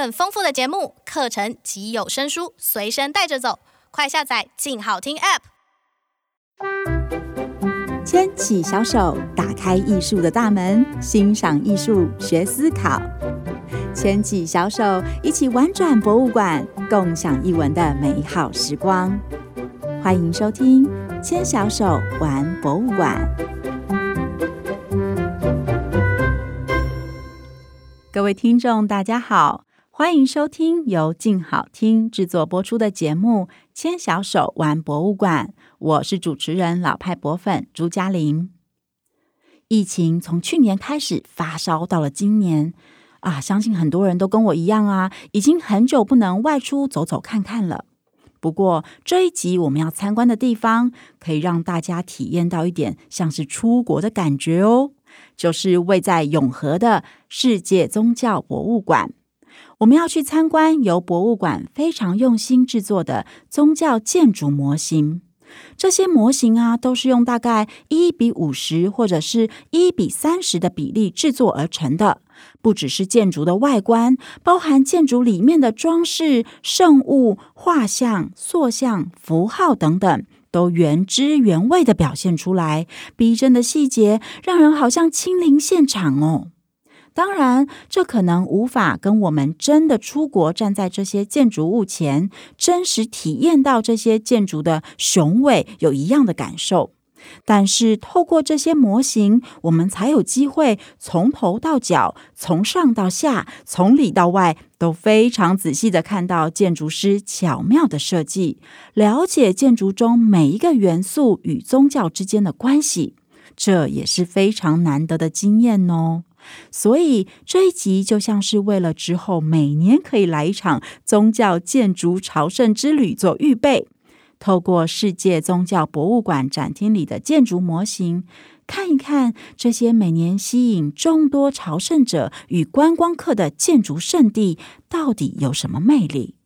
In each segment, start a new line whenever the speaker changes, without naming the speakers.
更豐富的節目、課程及有聲書隨身帶着走，快下載“鏡好聽 ”App。牽起小手，打開藝術的大門，欣賞藝術，學思考。牽起小手，一起玩轉博物館，共享一文的美好時光。歡迎收聽《牽小手玩博物館》。各位聽眾，大家好。歡迎收聽由靜好聽製作播出的節目《牽小手玩博物館》，我是主持人老派博粉朱家琳。疫情從去年開始發燒，到了今年啊，相信很多人都跟我一樣啊，已經很久不能外出走走看看了。不過這一集我們要參觀的地方，可以讓大家體驗到一點像是出國的感覺哦，就是位在永和的世界宗教博物館。我們要去參觀由博物館非常用心制作的宗教建築模型。這些模型啊，都是用大概一比五十或者是一比三十的比例制作而成的。不只是建築的外觀，包含建築裡面的裝飾、聖物、畫像、塑像、符號等等，都原汁原味地表現出來，逼真的細節讓人好像親臨現場哦。當然，這可能無法跟我們真的出國站在這些建築物前，真實體驗到這些建築的雄偉有一樣的感受。但是，透過這些模型，我們才有機會從頭到腳、從上到下、從裡到外都非常仔細的看到建築師巧妙的設計，了解建築中每一個元素與宗教之間的關係。這也是非常難得的經驗哦。所以這一集就像是為了之後每年可以來一場宗教建築朝聖之旅做預備。透過世界宗教博物館展廳裡的建築模型，看一看這些每年吸引眾多朝聖者與觀光客的建築聖地到底有什麼魅力。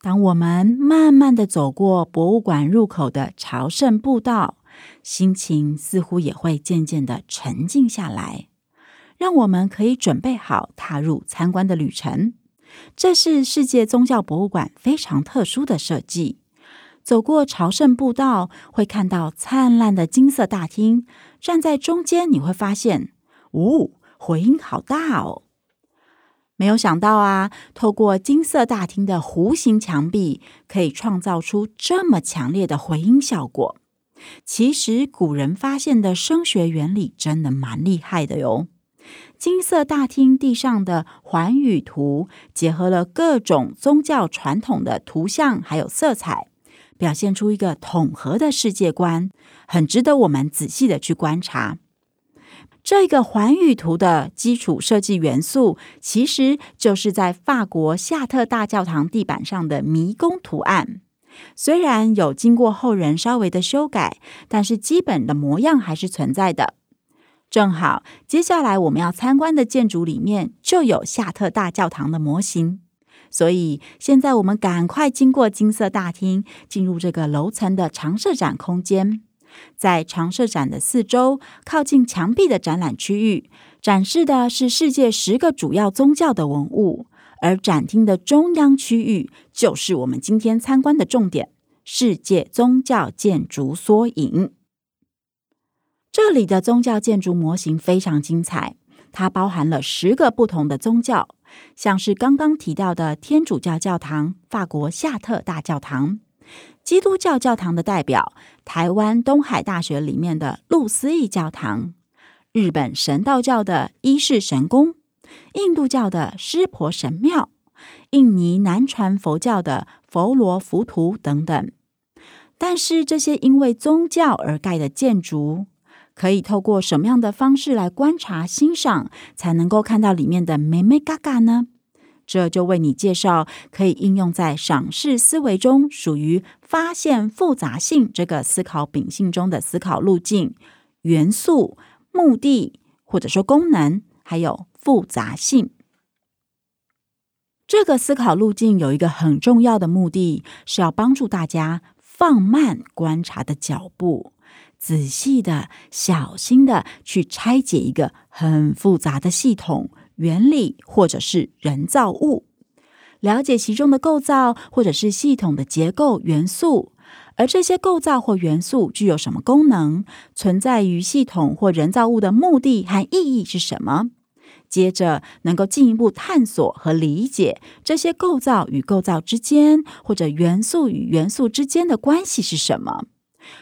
當我們慢慢的走過博物館入口的朝聖步道，心情似乎也會漸漸的沉靜下來，讓我們可以準備好踏入參觀的旅程。這是世界宗教博物館非常特殊的設計。走過朝聖步道，會看到燦爛的金色大廳。站在中間，你會發現，哦，回音好大哦！沒有想到啊，透過金色大廳的弧形牆壁，可以創造出這麼強烈的回音效果。其實古人發現的聲學原理真的蠻厲害的喲。金色大廳地上的寰宇圖結合了各種宗教傳統的圖像，還有色彩，表現出一個統合的世界觀，很值得我們仔細的去觀察。這個寰宇圖的基礎設計元素，其實就是在法國夏特大教堂地板上的迷宮圖案。雖然有經過後人稍微的修改，但是基本的模樣還是存在的。正好，接下來我們要參觀的建築裡面就有夏特大教堂的模型，所以現在我們趕快經過金色大廳，進入這個樓層的常設展空間。在常設展的四周，靠近牆壁的展覽區域，展示的是世界十個主要宗教的文物。而展廳的中央區域就是我們今天參觀的重點——世界宗教建築縮影。這裡的宗教建築模型非常精彩，它包含了十個不同的宗教，像是剛剛提到的天主教教堂——法國夏特大教堂；基督教教堂的代表——台灣東海大學裡面的路思義教堂；日本神道教的伊勢神宮。印度教的濕婆神廟，印尼南傳佛教的佛羅浮屠等等。但是這些因為宗教而蓋的建築，可以透過什麼樣的方式來觀察欣賞，才能夠看到裡面的眉眉角角呢？這就為你介紹可以應用在賞識思維中，屬於發現複雜性這個思考秉性中的思考路徑、元素、目的或者說功能，還有。複雜性，這個思考路徑有一個很重要的目的，是要幫助大家放慢觀察的腳步，仔細的、小心的去拆解一個很複雜的系統、原理或者是人造物，了解其中的構造或者是系統的結構元素，而這些構造或元素具有什麼功能，存在於系統或人造物的目的和意義是什麼？接着，能夠進一步探索和理解這些構造與構造之間，或者元素與元素之間的關係是什麼。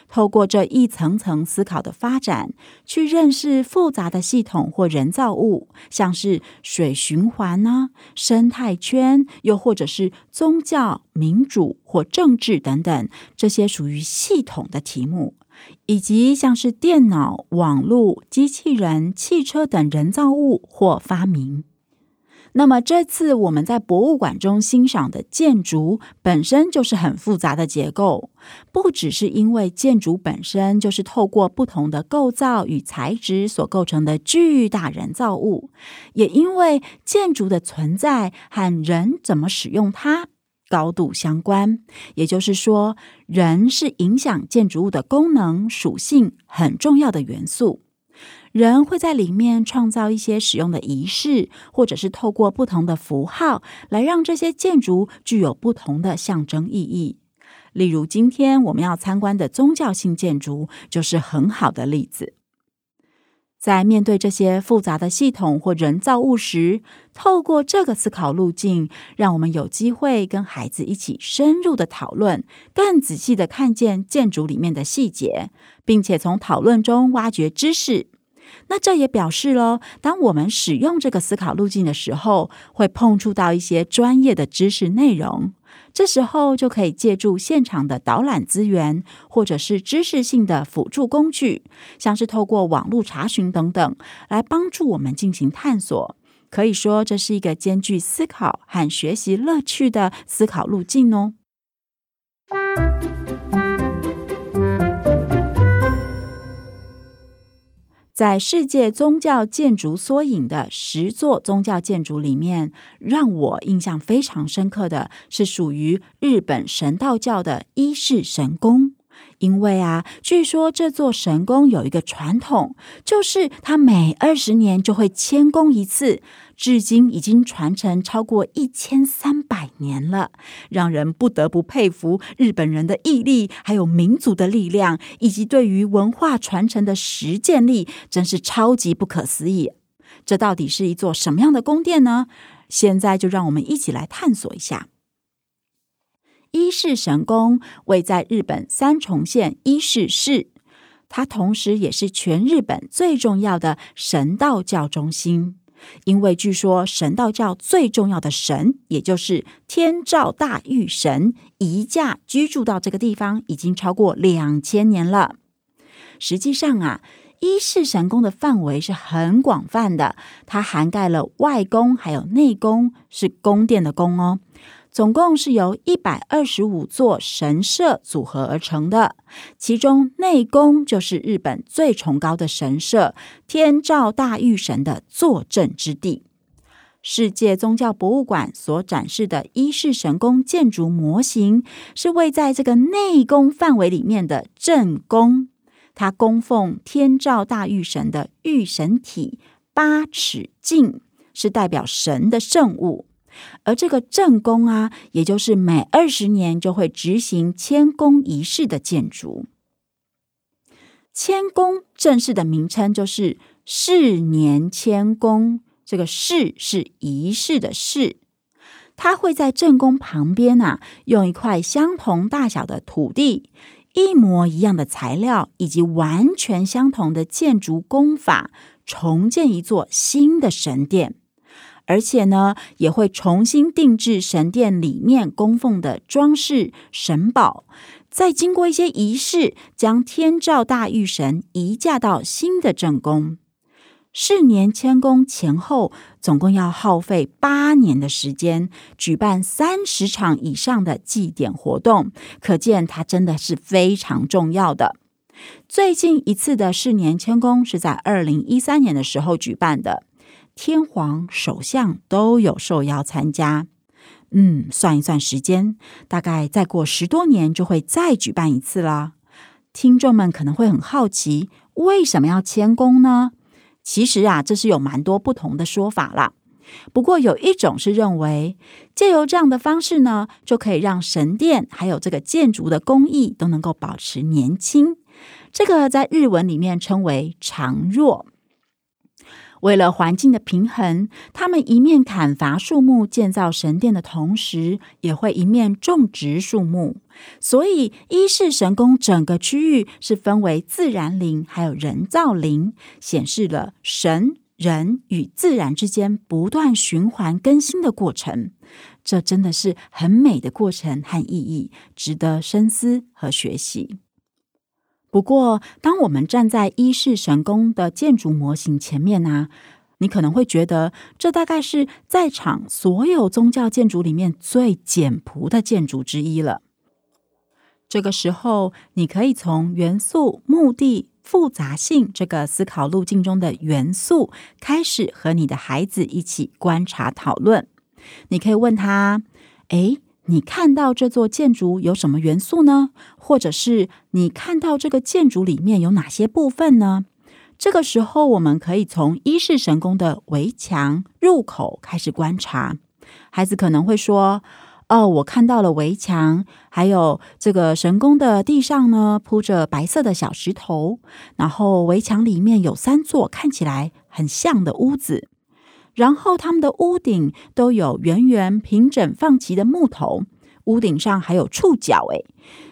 透過這一層層思考的發展，去認識複雜的系統或人造物，像是水循環呢、啊、生態圈，又或者是宗教、民主或政治等等，這些屬於系統的題目。以及像是電腦、網絡、機器人、汽車等人造物或發明。那麼，這次我們在博物館中欣賞的建築本身就是很複雜的結構，不只是因為建築本身就是透過不同的構造與材質所構成的巨大人造物，也因為建築的存在和人怎麼使用它高度相關，也就是說，人是影響建築物的功能屬性很重要的元素。人會在裡面創造一些使用的儀式，或者是透過不同的符號來讓這些建築具有不同的象徵意義。例如，今天我們要參觀的宗教性建築就是很好的例子。在面對這些複雜的系統或人造物時，透過這個思考路徑，讓我們有機會跟孩子一起深入的討論，更仔細的看見建築裡面的細節，並且從討論中挖掘知識。那這也表示嘍，當我們使用這個思考路徑的時候，會碰觸到一些專業的知識內容。這時候就可以借助現場的導覽資源，或者是知識性的輔助工具，像是透過網路查詢等等，來幫助我們進行探索。可以說，這是一個兼具思考和學習樂趣的思考路徑哦。在世界宗教建築縮影的十座宗教建築裡面，讓我印象非常深刻的是屬於日本神道教的伊勢神宮。因為啊，據說這座神宮有一個傳統，就是它每二十年就會遷宮一次，至今已經傳承超過一千三百年了，讓人不得不佩服日本人的毅力，還有民族的力量，以及對於文化傳承的實踐力，真是超級不可思議。這到底是一座什麼樣的宮殿呢？現在就讓我們一起來探索一下。伊勢神宮位在日本三重縣伊勢市，它同時也是全日本最重要的神道教中心。因為據說神道教最重要的神，也就是天照大御神，移駕居住到這個地方已經超過兩千年了。實際上啊，伊勢神宮的範圍是很廣泛的，它涵蓋了外宮還有內宮，是宮殿的宮哦。總共是由一百二十五座神社組合而成的。其中內宮就是日本最崇高的神社，天照大御神的坐鎮之地。世界宗教博物館所展示的伊勢神宮建築模型，是位在這個內宮範圍裡面的正宮，它供奉天照大御神的御神體八尺鏡，是代表神的聖物。而這個正宮啊,也就是每二十年就會執行遷宮儀式的建築。遷宮正式的名稱就是式年遷宮，這個“式”是儀式的“式”，它會在正宮旁邊啊，用一塊相同大小的土地、一模一樣的材料以及完全相同的建築工法，重建一座新的神殿。而且呢，也會重新定制神殿裡面供奉的裝飾神寶，再經過一些儀式，將天照大御神移駕到新的正宮。式年遷宮前後，總共要耗費八年的時間，舉辦三十場以上的祭典活動，可見它真的是非常重要的。最近一次的式年遷宮是在二零一三年的時候舉辦的。天皇、首相都有受邀參加。嗯，算一算時間，大概再過十多年就會再舉辦一次了。聽眾們可能會很好奇，為什麼要遷宮呢？其實啊，這是有蠻多不同的說法啦。不過有一種是認為，借由這樣的方式呢，就可以讓神殿還有這個建築的工藝都能夠保持年輕。這個在日文裡面稱為“常若”。為了環境的平衡，他們一面砍伐樹木建造神殿的同時，也會一面種植樹木。所以伊勢神宮整個區域是分為自然林還有人造林，顯示了神人與自然之間不斷循環更新的過程。這真的是很美的過程和意義，值得深思和學習。不過，當我們站在伊勢神宮的建築模型前面呢、啊，你可能會覺得這大概是在場所有宗教建築裡面最簡樸的建築之一了。這個時候，你可以從元素、目的、複雜性這個思考路徑中的元素開始，和你的孩子一起觀察討論。你可以問他：“誒……你看到這座建築有什麼元素呢？或者是你看到這個建築裡面有哪些部分呢？這個時候，我們可以從伊勢神宮的圍牆入口開始觀察。孩子可能會說：“哦，我看到了圍牆，還有這個神宮的地上呢，鋪着白色的小石頭，然後圍牆裡面有三座看起來很像的屋子。”然後他們的屋頂都有圓圓平整放齊的木頭，屋頂上還有觸角誒，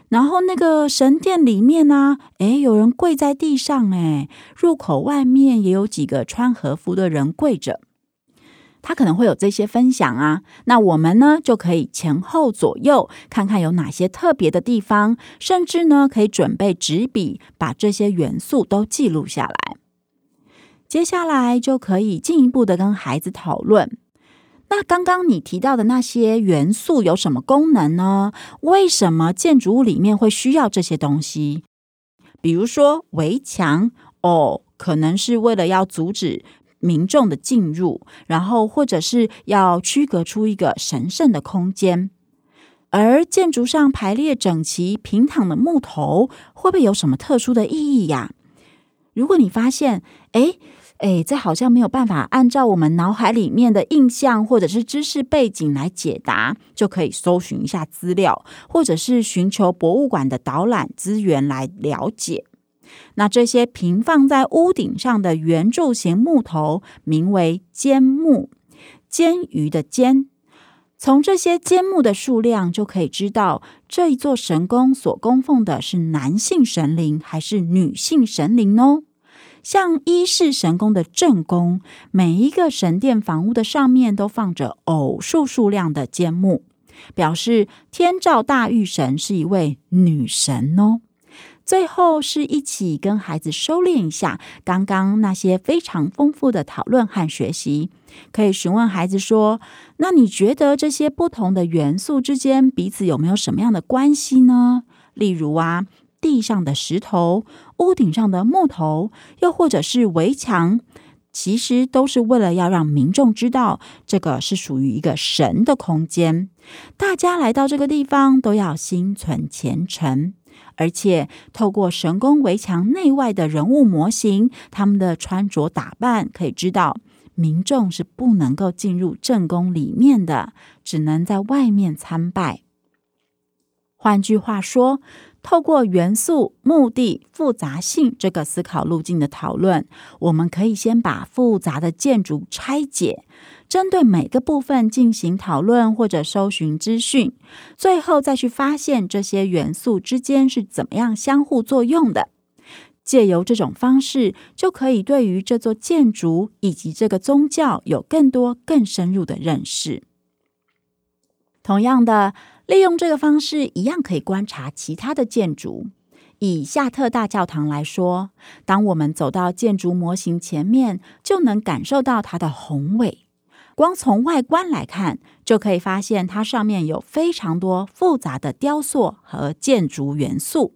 然後那個神殿裡面呢、啊，誒，有人跪在地上誒。入口外面也有幾個穿和服的人跪着。他可能會有這些分享啊，那我們呢就可以前後左右看看有哪些特別的地方，甚至呢可以準備紙筆把這些元素都記錄下來。接下來就可以進一步的跟孩子討論。那剛剛你提到的那些元素有什麼功能呢？為什麼建築物裡面會需要這些東西？比如說圍牆，哦，可能是為了要阻止民眾的進入，然後或者是要區隔出一個神聖的空間。而建築上排列整齊、平躺的木頭，會不會有什麼特殊的意義呀？如果你發現，哎，哎，這好像沒有辦法按照我們腦海裡面的印象或者是知識背景來解答，就可以搜尋一下資料，或者是尋求博物館的導覽資源來了解。那這些平放在屋頂上的圓柱形木頭，名為“鰹木”，鰹魚的“鰹”。從這些鰹木的數量就可以知道。這一座神宮所供奉的是男性神靈還是女性神靈呢？哦？像伊勢神宮的正宮，每一個神殿房屋的上面都放着偶數數量的尖木，表示天照大御神是一位女神哦。最後是一起跟孩子收斂一下剛剛那些非常豐富的討論和學習，可以詢問孩子說：“那你覺得這些不同的元素之間彼此有沒有什麼樣的關係呢？”例如啊，地上的石頭、屋頂上的木頭，又或者是圍牆，其實都是為了要讓民眾知道，這個是屬於一個神的空間。大家來到這個地方都要心存虔誠。而且，透過神宮圍牆內外的人物模型，他們的穿着打扮可以知道，民眾是不能夠進入正宮裡面的，只能在外面參拜。換句話說，透過元素、目的、複雜性這個思考路徑的討論，我們可以先把複雜的建築拆解。針對每個部分進行討論或者搜尋資訊，最後再去發現這些元素之間是怎麼樣相互作用的。藉由這種方式，就可以對於這座建築以及這個宗教有更多、更深入的認識。同樣的，利用這個方式，一樣可以觀察其他的建築。以夏特大教堂來說，當我們走到建築模型前面，就能感受到它的宏偉。光從外觀來看，就可以發現它上面有非常多複雜的雕塑和建築元素。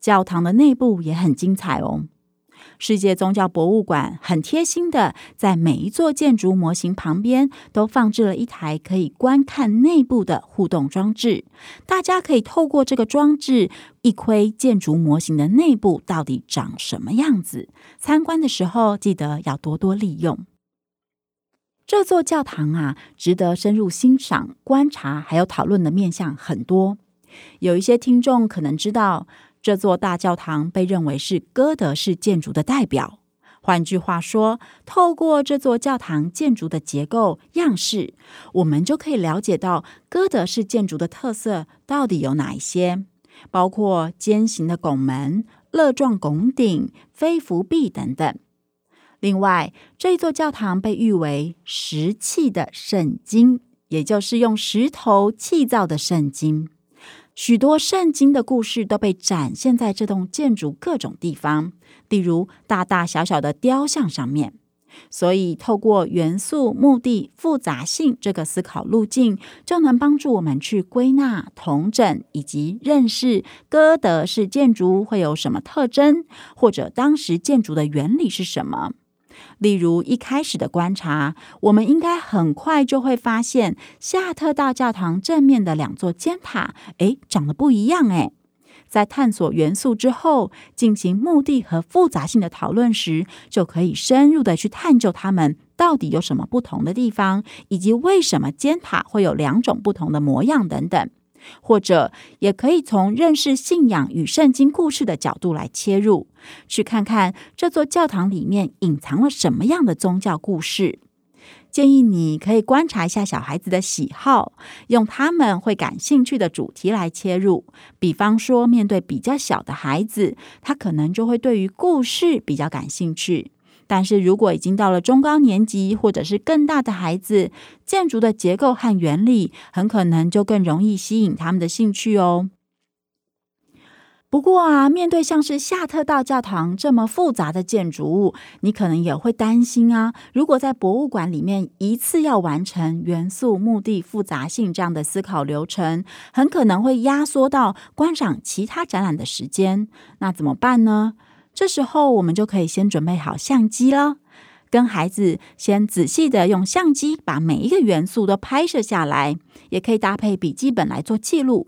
教堂的內部也很精彩哦。世界宗教博物館很貼心的在每一座建築模型旁邊都放置了一台可以觀看內部的互動裝置。大家可以透過這個裝置一窺建築模型的內部到底長什麼樣子。參觀的時候記得要多多利用。這座教堂啊，值得深入欣賞、觀察，還有討論的面向很多。有一些聽眾可能知道，這座大教堂被認為是哥德式建築的代表。換句話說，透過這座教堂建築的結構、樣式，我們就可以了解到哥德式建築的特色到底有哪一些，包括尖形的拱門、肋狀拱頂、飛扶壁等等。另外，這一座教堂被譽為“石砌的聖經”，也就是用石頭砌造的聖經。許多聖經的故事都被展現在這棟建築各種地方，例如大大小小的雕像上面。所以，透過元素、目的、複雜性這個思考路徑，就能幫助我們去歸納、統整以及認識歌德式建築會有什麼特徵，或者當時建築的原理是什麼。例如一開始的觀察，我們應該很快就會發現夏特大教堂正面的兩座尖塔，誒，長得不一樣誒。在探索元素之後，進行目的和複雜性的討論時，就可以深入地去探究它們到底有什麼不同的地方，以及為什麼尖塔會有兩種不同的模樣等等。或者也可以從認識信仰與聖經故事的角度來切入。去看看這座教堂裡面隱藏了什麼樣的宗教故事。建議你可以觀察一下小孩子的喜好，用他們會感興趣的主題來切入。比方說，面對比較小的孩子，他可能就會對於故事比較感興趣。但是如果已經到了中高年級或者是更大的孩子，建築的結構和原理很可能就更容易吸引他們的興趣哦。不過啊，面對像是夏特大教堂這麼複雜的建築物，你可能也會擔心啊。如果在博物館裡面一次要完成元素、目的、複雜性這樣的思考流程，很可能會壓縮到觀賞其他展覽的時間。那怎麼辦呢？這時候我們就可以先準備好相機了，跟孩子先仔細的用相機把每一個元素都拍攝下來，也可以搭配筆記本來做記錄。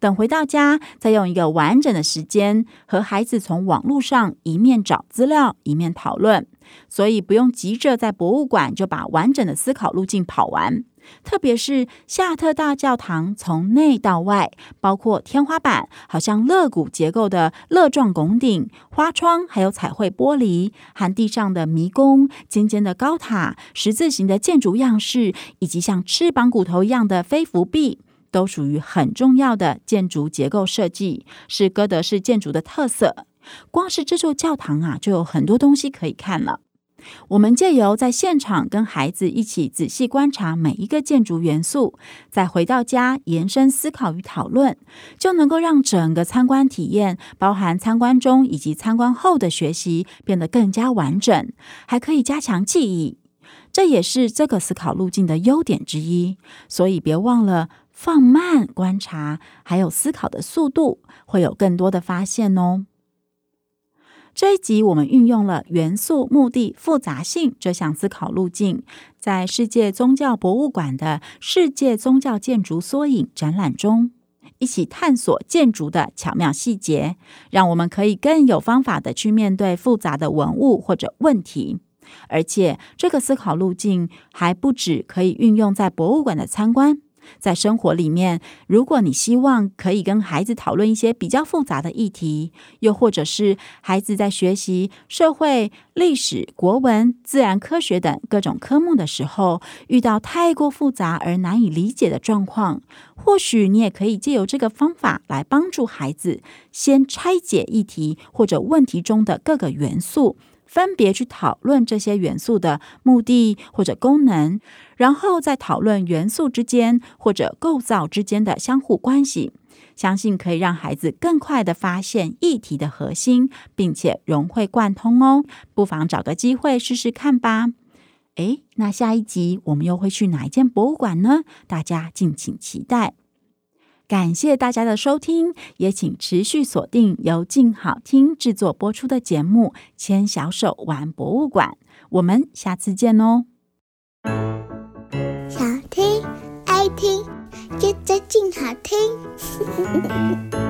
等回到家，再用一個完整的時間和孩子從網絡上一面找資料，一面討論，所以不用急着在博物館就把完整的思考路徑跑完。特別是夏特大教堂，從內到外，包括天花板，好像肋骨結構的肋狀拱頂、花窗，還有彩繪玻璃，含地上的迷宮、尖尖的高塔、十字形的建築樣式，以及像翅膀骨頭一樣的飛扶壁。都屬於很重要的建築結構設計，是哥德式建築的特色。光是這座教堂啊，就有很多東西可以看了。我們借由在現場跟孩子一起仔細觀察每一個建築元素，再回到家延伸思考與討論，就能夠讓整個參觀體驗，包含參觀中以及參觀後的學習，變得更加完整，還可以加強記憶。這也是這個思考路徑的優點之一。所以別忘了。放慢觀察，還有思考的速度，會有更多的發現哦。這一集我們運用了元素、目的、複雜性這項思考路徑，在世界宗教博物館的“世界宗教建築縮影”展覽中，一起探索建築的巧妙細節，讓我們可以更有方法的去面對複雜的文物或者問題。而且，這個思考路徑還不止可以運用在博物館的參觀。在生活裡面，如果你希望可以跟孩子討論一些比較複雜的議題，又或者是孩子在學習社會、歷史、國文、自然科學等各種科目的時候，遇到太過複雜而難以理解的狀況，或許你也可以借由這個方法來幫助孩子先拆解議題或者問題中的各個元素。分別去討論這些元素的目的或者功能，然後再討論元素之間或者構造之間的相互關係，相信可以讓孩子更快的發現議題的核心，並且融會貫通哦。不妨找個機會試試看吧。誒，那下一集我們又會去哪一間博物館呢？大家敬請期待。感謝大家的收聽，也請持續鎖定由靜好聽制作播出的節目《牽小手玩博物館》，我們下次見哦！想聽愛聽，就在靜好聽。